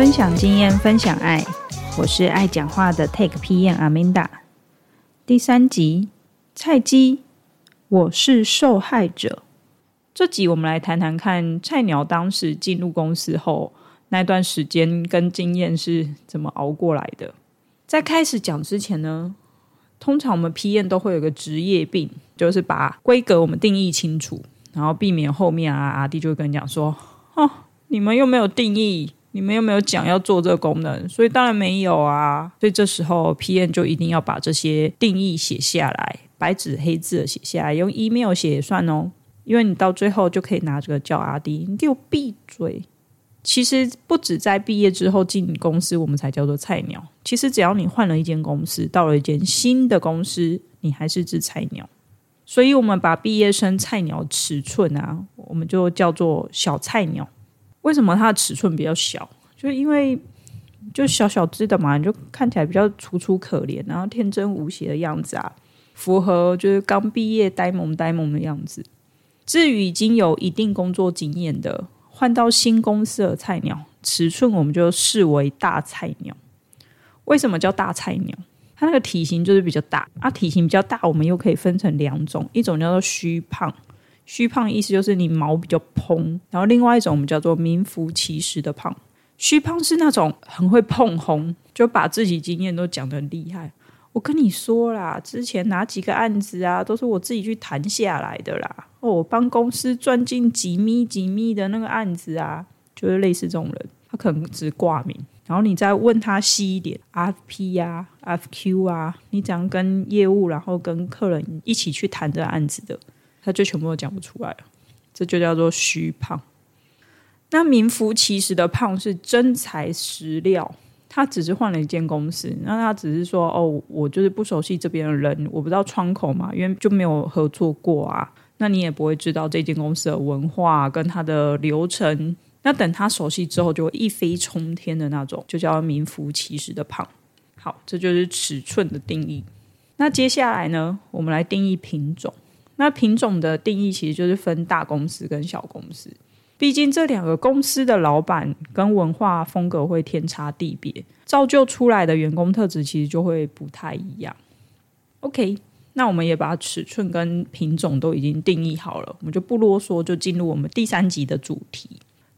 分享經驗，分享愛。我是愛講話的 TechPM Amanda。第三集，菜雞，我是受害者。這集我們來談談看菜鳥當時進入公司後那段時間跟經驗是怎麼熬過來的。在開始講之前呢，通常我們 PM 都會有個職業病，就是把規格我們定義清楚，然後避免後面啊阿弟就會跟你講說哦，你們又沒有定義。你們有沒有講要做這個功能？所以當然沒有啊。所以這時候 PM 就一定要把這些定義寫下來，白紙黑字寫下來，用 email 寫也算哦。因為你到最後就可以拿這個叫 RD，你給我閉嘴！其實不止在畢業之後進公司，我們才叫做菜鳥。其實只要你換了一間公司，到了一間新的公司，你還是隻菜鳥。所以我們把畢業生菜鳥尺寸啊，我們就叫做小菜鳥。為什麼它的尺寸比較小？就是因為就小小只的嘛，你就看起來比較楚楚可憐，然後天真無邪的樣子啊，符合就是剛畢業呆萌呆萌的樣子。至於已經有一定工作經驗的，換到新公司的菜鳥，尺寸我們就視為大菜鳥。為什麼叫大菜鳥？它那個體型就是比較大。啊，體型比較大，我們又可以分成兩種，一種叫做虛胖。虛胖的意思就是你毛比較蓬，然後另外一種我們叫做名副其實的胖。虛胖是那種很會碰紅，就把自己經驗都講得很厲害。我跟你說啦，之前哪幾個案子啊，都是我自己去談下來的啦。哦，我幫公司賺進幾米幾米的那個案子啊，就是類似這種人，他可能只是掛名。然後你再問他細一點，RFP 呀、RFQ 啊，啊，你怎樣跟業務，然後跟客人一起去談這案子的。他就全部都講不出來了，這就叫做虛胖。那名副其實的胖是真材實料，他只是換了一間公司，那他只是說哦，我就是不熟悉這邊的人，我不知道窗口嘛，因為就沒有合作過啊，那你也不會知道這間公司的文化跟他的流程。那等他熟悉之後，就會一飛沖天的那種，就叫名副其實的胖。好，這就是尺寸的定義。那接下來呢，我們來定義品種。那品種的定義其實就是分大公司跟小公司，畢竟這兩個公司的老闆跟文化風格會天差地別，造就出來的員工特質其實就會不太一樣。OK，那我們也把尺寸跟品種都已經定義好了，我們就不囉嗦，就進入我們第三集的主題。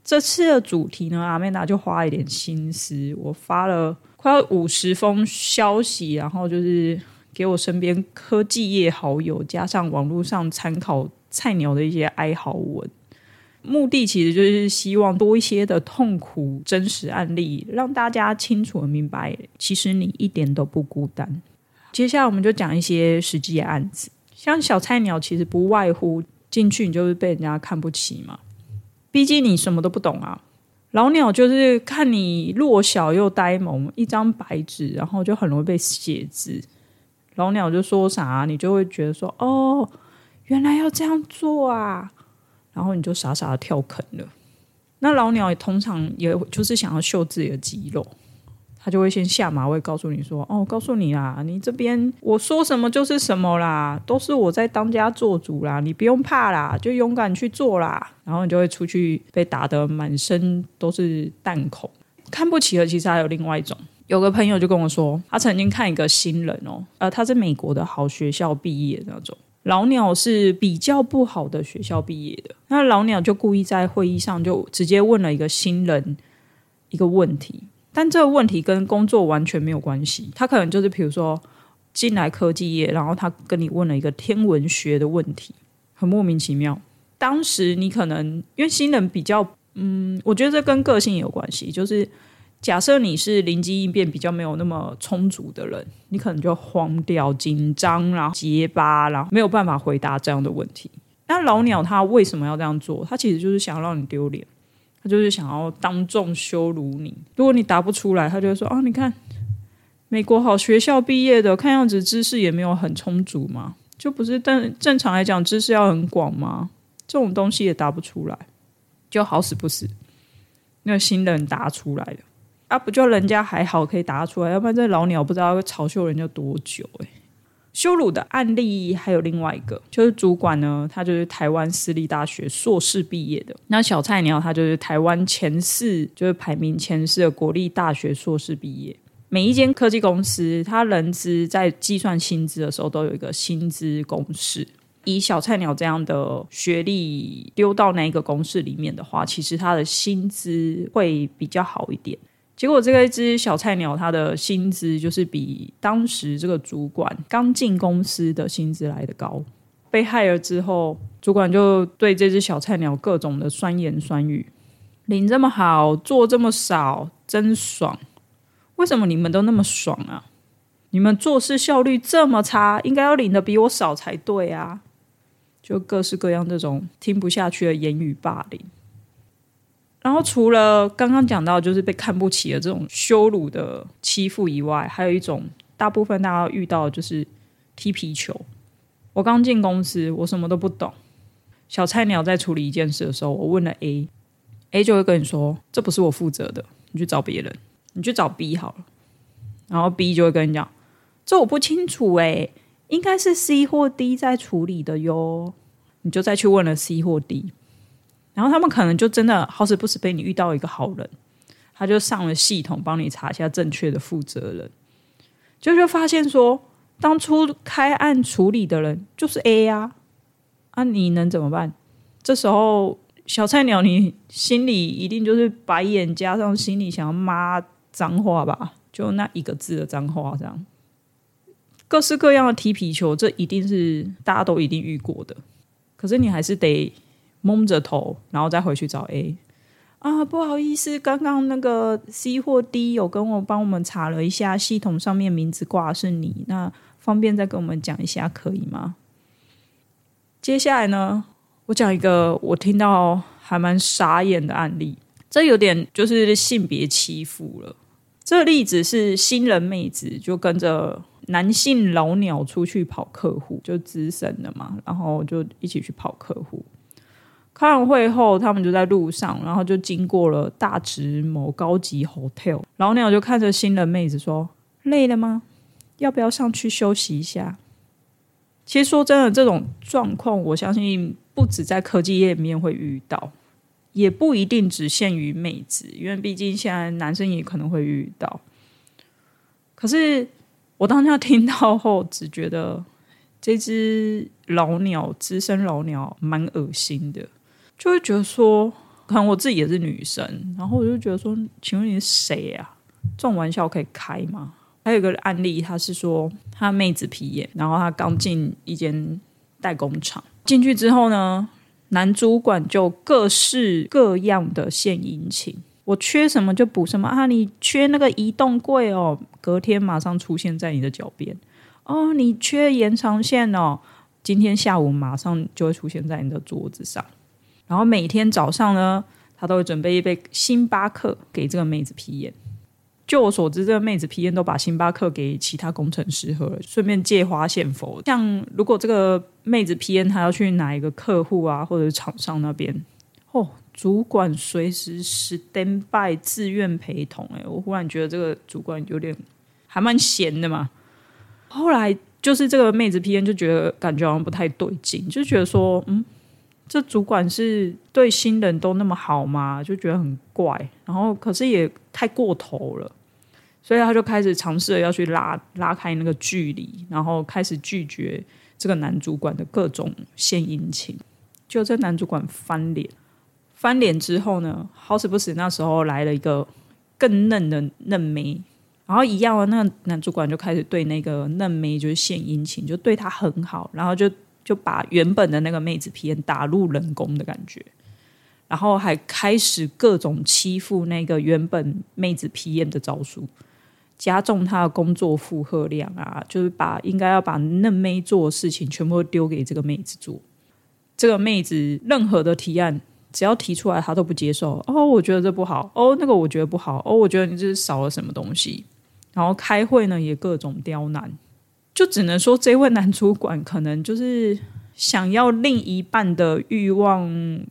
這次的主題呢，阿妹娜就花了一點心思，我發了快五十封消息，然後就是。給我身邊科技業好友，加上網絡上參考菜鳥的一些哀嚎文，目的其實就是希望多一些的痛苦真實案例，讓大家清楚地明白，其實你一點都不孤單。接下來我們就講一些實際案子，像小菜鳥其實不外乎進去你就是被人家看不起嘛，畢竟你什麼都不懂啊。老鳥就是看你弱小又呆萌，一張白紙，然後就很容易被寫字。老鳥就說啥，你就會覺得說哦，原來要這樣做啊，然後你就傻傻的跳坑了。那老鳥也通常也就是想要秀自己的肌肉，他就會先下馬威，告訴你說哦，告訴你啦，你這邊我說什麼就是什麼啦，都是我在當家做主啦，你不用怕啦，就勇敢去做啦。然後你就會出去被打得滿身都是彈孔。看不起的其實還有另外一種。有個朋友就跟我說，他曾經看一個新人哦，呃，他是美國的好學校畢業那種，老鳥是比較不好的學校畢業的。那老鳥就故意在會議上就直接問了一個新人一個問題，但這個問題跟工作完全沒有關係。他可能就是比如說進來科技業，然後他跟你問了一個天文學的問題，很莫名其妙。當時你可能因為新人比較，嗯，我覺得這跟個性也有關係，就是。假設你是靈機應變比較沒有那麼充足的人，你可能就慌掉、緊張啦，然後結巴啦，然後沒有辦法回答這樣的問題。那老鳥他為什麼要這樣做？他其實就是想讓你丟臉，他就是想要當眾羞辱你。如果你答不出來，他就說：“啊，你看美國好學校畢業的，看樣子知識也沒有很充足嘛，就不是？但正常來講，知識要很廣嘛，這種東西也答不出來，就好死不死，那個新人答出來了。”啊，不就人家還好可以答得出來，要不然這老鳥不知道會嘲笑人家多久哎、欸！羞辱的案例還有另外一個，就是主管呢，他就是台灣私立大學碩士畢業的，那小菜鳥他就是台灣前四，就是排名前四的國立大學碩士畢業。每一間科技公司，他人資在計算薪資的時候都有一個薪資公式，以小菜鳥這樣的學歷丟到那一個公式裡面的話，其實他的薪資會比較好一點。結果，這個一只小菜鳥，他的薪資就是比當時這個主管剛進公司的薪資來得高。被害了之後，主管就對這只小菜鳥各種的酸言酸語：領這麼好，做這麼少，真爽！為什麼你們都那麼爽啊？你們做事效率這麼差，應該要領得比我少才對啊！就各式各樣這種聽不下去的言語霸凌。然後除了剛剛講到就是被看不起的這種羞辱的欺負以外，還有一種大部分大家遇到的就是踢皮球。我剛進公司，我什麼都不懂，小菜鳥在處理一件事的時候，我問了 A，A 就會跟你說，這不是我負責的，你去找別人，你去找 B 好了。然後 B 就會跟你講，這我不清楚誒，應該是 C 或 D 在處理的喲，你就再去問了 C 或 D。然後他們可能就真的好死不死被你遇到一個好人，他就上了系統幫你查一下正確的負責人，就就發現說當初開案處理的人就是 A 啊。那，你能怎麼辦？這時候小菜鳥你心裡一定就是白眼加上心裡想要罵髒話吧，就那一個字的髒話，這樣各式各樣的踢皮球，這一定是大家都一定遇過的，可是你還是得，蒙着頭，然後再回去找 A 啊，不好意思，剛剛那個 C 或 D 有跟我幫我們查了一下，系統上面名字掛的是你，那方便再跟我們講一下可以嗎？接下來呢，我講一個我聽到還蠻傻眼的案例，這有點就是性別欺負了。這個例子是新人妹子就跟着男性老鳥出去跑客戶，就資深的嘛，然後就一起去跑客戶。開完會後，他們就在路上，然後就經過了大直某高級 hotel。老鳥就看着新的妹子說：“累了嗎？要不要上去休息一下？”其實說真的，這種狀況，我相信不止在科技業裡面會遇到，也不一定只限於妹子，因為畢竟現在男生也可能會遇到。可是我當下聽到後，只覺得這隻老鳥，資深老鳥，蠻噁心的。就會覺得說，可能我自己也是女生，然後我就覺得說，請問你是誰啊？這種玩笑可以開嗎？還有一個案例，他是說他妹子皮眼，然後他剛進一間代工廠，進去之後呢，男主管就各式各樣的獻殷勤，我缺什麼就補什麼啊，你缺那個移動櫃哦，隔天馬上出現在你的腳邊哦，你缺延長線哦，今天下午馬上就會出現在你的桌子上。然後每天早上呢，他都會準備一杯星巴克給這個妹子 PM。就我所知，這個妹子 PM 都把星巴克給其他工程師喝了，順便借花獻佛。像如果這個妹子 PM，她要去哪一個客戶啊，或者是廠商那邊，哦，主管隨時 standby 自願陪同、欸。哎，我忽然覺得這個主管有點還蠻閒的嘛。後來就是這個妹子 PM，就覺得感覺好像不太對勁，就覺得說，嗯。這主管是對新人都那麼好嗎？就覺得很怪，然後可是也太過頭了，所以他就開始嘗試着要去拉拉開那個距離，然後開始拒絕這個男主管的各種獻殷勤。就這男主管翻臉翻臉之後呢，好死不死那時候來了一個更嫩的嫩妹，然後一樣的那男主管就開始對那個嫩妹就是獻殷勤，就對他很好，然後就。就把原本的那個妹子皮 M 打入冷宮的感覺，然後還開始各種欺負那個原本妹子皮炎的招數，加重她的工作負荷量啊，就是把應該要把嫩妹做的事情全部都丟給這個妹子做，這個妹子任何的提案只要提出來，她都不接受。哦，我覺得這不好。哦，那個我覺得不好。哦，我覺得你這是少了什麼東西。然後開會呢，也各種刁難。就只能說這位男主管可能就是想要另一半的欲望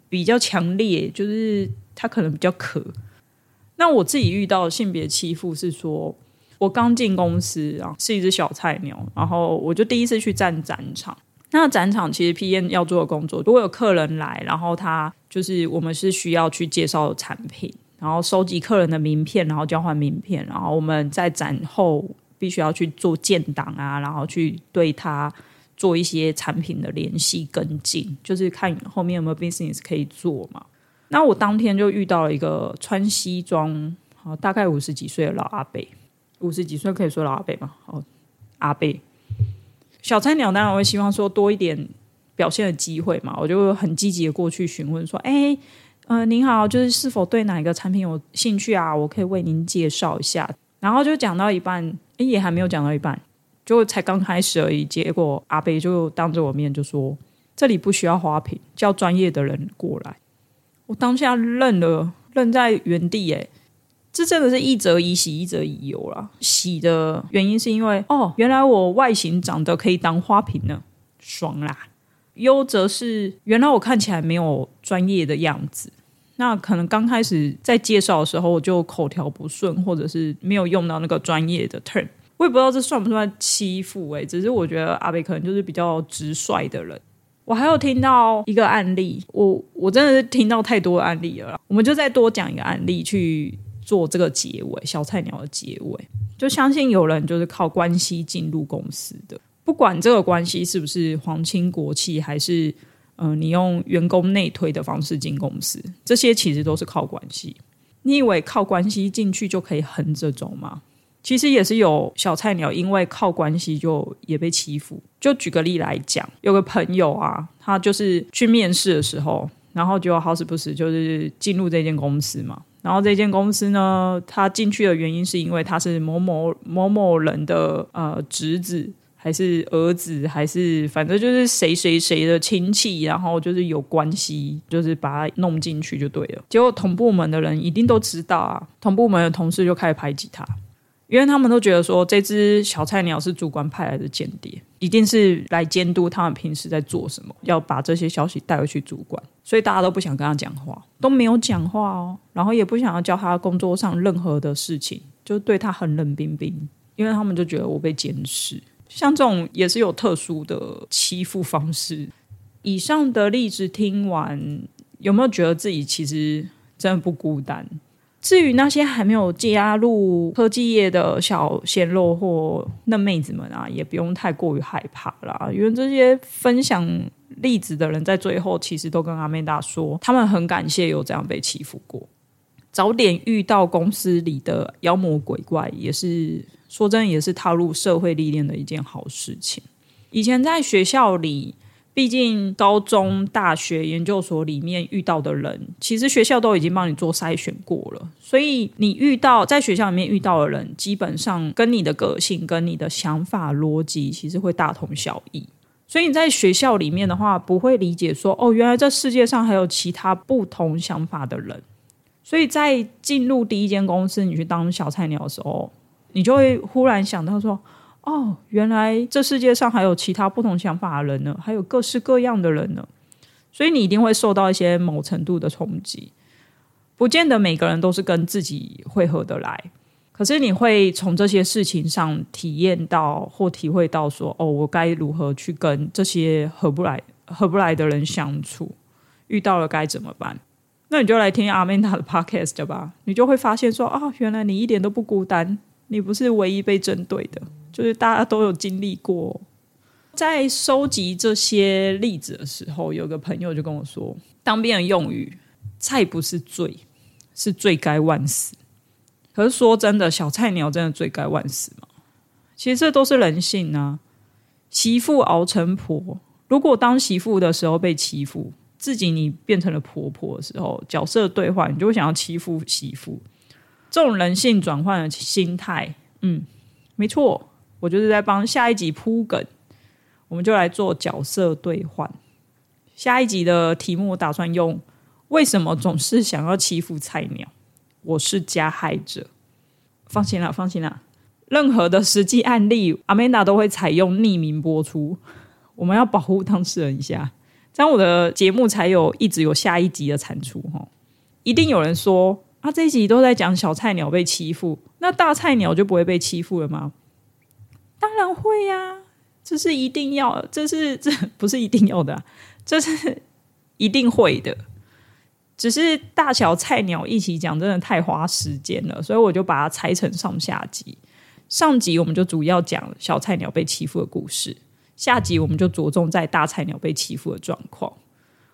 比較強烈，就是他可能比較渴。那我自己遇到的性別欺負是說，我剛進公司啊，是一只小菜鳥，然後我就第一次去站展場。那展場其實 PM 要做的工作，如果有客人來，然後他就是我們是需要去介紹的產品，然後收集客人的名片，然後交換名片，然後我們在展後。必須要去做建檔啊，然後去對他做一些產品的聯繫跟進，就是看後面有沒有 business 可以做嘛。那我當天就遇到了一個穿西裝，大概五十幾歲的老阿伯，五十幾歲可以說老阿伯嗎？阿伯，小菜鳥當然會希望說多一點表現的機會嘛，我就很積極的過去詢問說：“哎、欸，嗯、呃，您好，就是是否對哪一個產品有興趣啊？我可以為您介紹一下。”然後就講到一半。也還沒有講到一半，就才剛開始而已。結果阿北就當着我面就說：“這裡不需要花瓶，叫專業的人過來。”我當下愣了，愣在原地。哎，這真的是一則以喜，一則以憂啦。喜的原因是因為，哦，原來我外形長得可以當花瓶呢，爽啦。憂則是原來我看起來沒有專業的樣子。那可能剛開始在介紹的時候，我就口條不順，或者是沒有用到那個專業的 term。我也不知道這算不算欺負，欸，只是我覺得阿北可能就是比較直率的人。我還有聽到一個案例，我我真的是聽到太多案例了。我們就再多講一個案例去做這個結尾，小菜鳥的結尾，就相信有人就是靠關係進入公司的，不管這個關係是不是皇親國戚還是。嗯、呃，你用員工內推的方式進公司，這些其實都是靠關係。你以為靠關係進去就可以橫着走嗎？其實也是有小菜鳥因為靠關係就也被欺負。就舉個例來講，有個朋友啊，他就是去面試的時候，然後就好死不死就是進入這間公司嘛。然後這間公司呢，他進去的原因是因為他是某某某某人的呃侄子，還是兒子，還是反正就是誰誰誰的親戚，然後就是有關係，就是把他弄進去就對了。結果同部門的人一定都知道啊，同部門的同事就開始排擠他，因為他們都覺得說，這隻小菜鳥是主管派來的間諜，一定是來監督他們平時在做什麼，要把這些消息帶回去主管。所以大家都不想跟他講話，都沒有講話哦，然後也不想要教他工作上任何的事情，就對他很冷冰冰，因為他們就覺得我被監視。像這種也是有特殊的欺負方式。以上的例子聽完，有沒有覺得自己其實真的不孤單？至於那些還沒有加入科技業的小鮮肉或嫩妹子們啊，也不用太過於害怕啦，因為這些分享例子的人在最後其實都跟阿曼達說，他們很感謝有這樣被欺負過，早點遇到公司裡的妖魔鬼怪也是。說真的，也是踏入社會歷練的一件好事情。以前在學校裡，畢竟高中、大學、研究所裡面遇到的人，其實學校都已經幫你做篩選過了。所以你遇到在學校裡面遇到的人，基本上跟你的個性、跟你的想法、邏輯，其實會大同小異。所以你在學校裡面的話，不會理解說哦，原來這世界上還有其他不同想法的人。所以在進入第一間公司，你去當小菜鳥的時候。你就會忽然想到說：“哦，原來這世界上還有其他不同想法的人呢，還有各式各樣的人呢。”所以你一定會受到一些某程度的衝擊。不見得每個人都是跟自己會合得來，可是你會從這些事情上體驗到或體會到說：“哦，我該如何去跟這些合不來、合不來的人相處？遇到了該怎麼辦？”那你就來聽阿曼達的 Podcast 吧，你就會發現說：“哦，原來你一點都不孤單。”你不是唯一被針對的，就是大家都有經歷過。在收集這些例子的時候，有個朋友就跟我說：“當兵的用語，菜不是罪，是罪該萬死。”可是說真的，小菜鳥真的罪該萬死嗎？其實這都是人性啊。媳婦熬成婆，如果當媳婦的時候被欺負，自己你變成了婆婆的時候，角色對換，你就會想要欺負媳婦。這種人性轉換的心態，嗯，沒錯，我就是在幫下一集鋪梗，我們就來做角色兌換。下一集的題目我打算用“為什麼總是想要欺負菜鳥？我是加害者”放心啊。放心了，放心了，任何的實際案例，Amanda 都會採用匿名播出，我們要保護當事人一下，這樣我的節目才有一直有下一集的產出哈、哦。一定有人說。啊，這一集都在講小菜鳥被欺負，那大菜鳥就不會被欺負了嗎？當然會呀啊，這是一定要，這是這不是一定要的啊，這是一定會的。只是大小菜鳥一起講，真的太花時間了，所以我就把它拆成上下集。上集我們就主要講小菜鳥被欺負的故事，下集我們就着重在大菜鳥被欺負的狀況。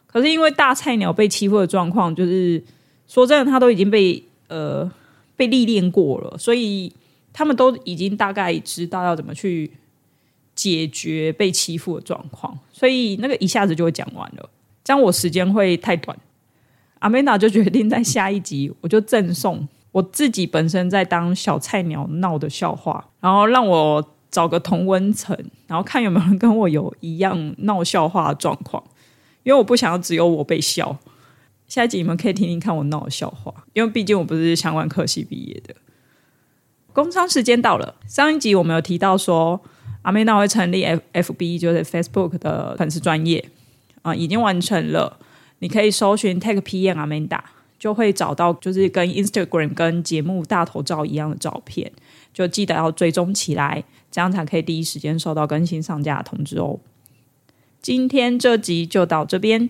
可是因為大菜鳥被欺負的狀況就是，說真的，他都已經被呃被歷練過了，所以他們都已經大概知道要怎麼去解決被欺負的狀況，所以那個一下子就會講完了，這樣我時間會太短。Amanda 就決定在下一集，我就贈送我自己本身在當小菜鳥鬧的笑話，然後讓我找個同溫層，然後看有沒有人跟我有一樣鬧笑話的狀況，因為我不想要只有我被笑。下一集你們可以聽聽看我鬧笑話，因為畢竟我不是相關科系畢業的。工商時間到了，上一集我們有提到說，Amanda 會成立 F F B，就是 Facebook 的粉絲專業啊、嗯，已經完成了。你可以搜尋 Tech PM Amanda，就會找到就是跟 Instagram 跟節目大頭照一樣的照片，就記得要追蹤起來，這樣才可以第一時間收到更新上架的通知哦。今天這集就到這邊。